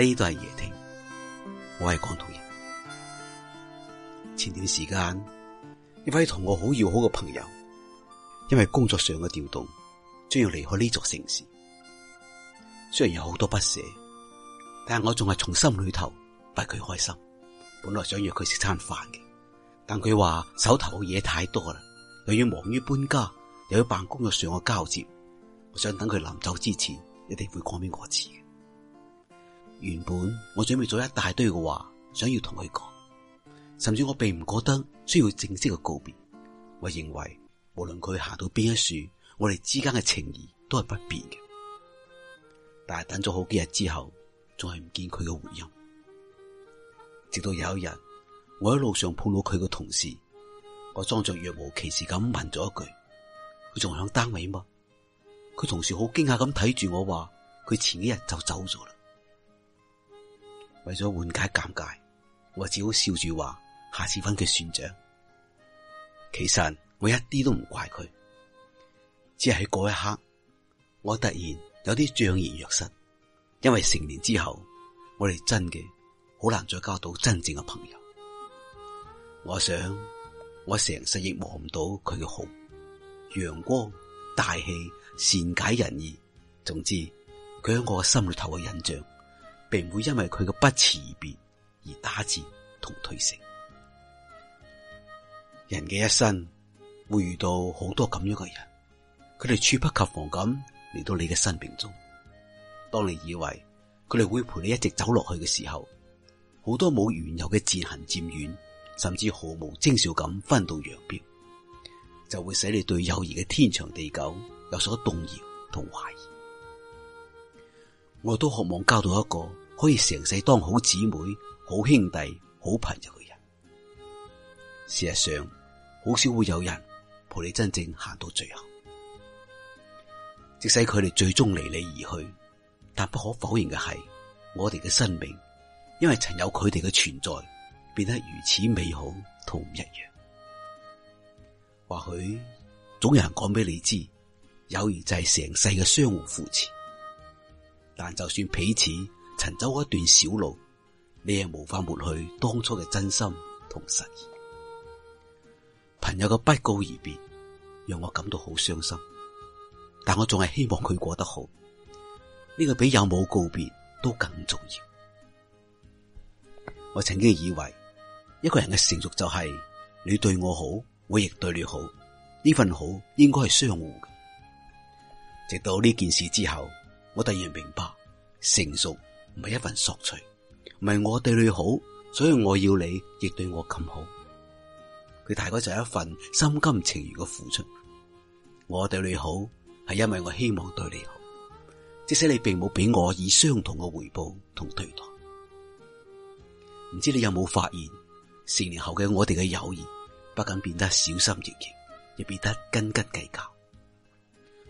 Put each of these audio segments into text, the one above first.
呢度係夜聽，我係廣東人。前段時間，一位同我好要好嘅朋友，因為工作上嘅調動，將要離開呢座城市。雖然有好多不捨，但我仲係從心裏頭為佢開心。本來想約佢食餐飯嘅，但佢話手頭嘅嘢太多啦，又要忙於搬家，又要辦工作上嘅交接。我想等佢臨走之前，一定會講俾我知。原本我準備咗一大堆嘅話，想要同佢講，甚至我並唔覺得需要正式嘅告別，我認為無論佢行到邊一樹，我哋之間嘅情誼都係不變嘅。但係等咗好幾日之後，仲係唔見佢嘅回音。直到有一日，我喺路上碰到佢嘅同事，我裝作若無其事咁問咗一句：「佢仲喺單位嘛？」佢同事好驚訝咁睇住我話：佢前幾日就走咗啦。為咗緩解尷尬，我只好笑住話：下次搵佢算賬。其實我一啲都唔怪佢，只係喺嗰一刻，我突然有啲悵然若失，因為成年之後，我哋真嘅好難再交到真正嘅朋友。我想我成世亦忘唔到佢嘅好，陽光、大氣、善解人意，總之佢喺我心裏頭嘅印象。並唔會因為佢嘅不辭而別而打戰同退城。人嘅一生會遇到好多咁樣嘅人，佢哋猝不及防咁嚟到你嘅生命中。當你以為佢哋會陪你一直走落去嘅時候，好多冇緣由嘅漸行漸遠，甚至毫無徵兆咁分道揚鑣，就會使你對友誼嘅天長地久有所動搖同懷疑。我都渴望交到一個可以成世當好姊妹、好兄弟、好朋友嘅人。事實上，好少會有人陪你真正行到最後，即使佢哋最終離你而去，但不可否認嘅係，我哋嘅生命因為曾有佢哋嘅存在，變得如此美好同唔一樣。或許總有人講俾你知，友誼就係成世嘅相互扶持。但就算彼此曾走過一段小路，你亦無法抹去當初嘅真心同實意。朋友嘅不告而別，讓我感到好傷心。但我仲係希望佢過得好。呢個比有冇告別都更重要。我曾經以為，一個人嘅成熟就係你對我好，我亦對你好。呢份好應該係相互嘅。直到呢件事之後。我突然明白，成熟唔係一份索取，唔係我對你好，所以我要你亦對我咁好。佢大概就係一份心甘情願嘅付出。我對你好，係因為我希望對你好。即使你並冇俾我以相同嘅回報同對待。唔知你有冇發現，成年後嘅我哋嘅友誼，不僅變得小心翼翼，亦變得斤斤計較。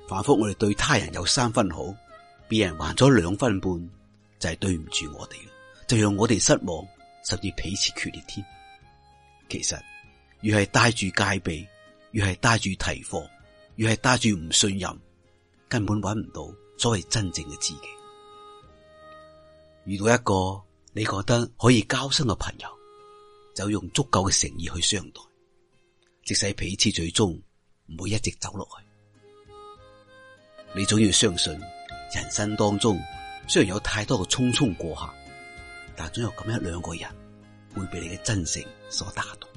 反復我哋對他人有三分好，別人還咗兩分半，就係對唔住我哋，就讓我哋失望，甚至彼此決裂添。其實越係帶住戒備，越係帶住提防，越係帶住唔信任，根本揾唔到所謂真正嘅知己。遇到一個你覺得可以交心嘅朋友，就用足夠嘅誠意去相待，即使彼此最終唔會一直走落去，你總要相信，人生當中雖然有太多嘅匆匆過客，但總有咁樣兩個人會被你嘅真誠所打動。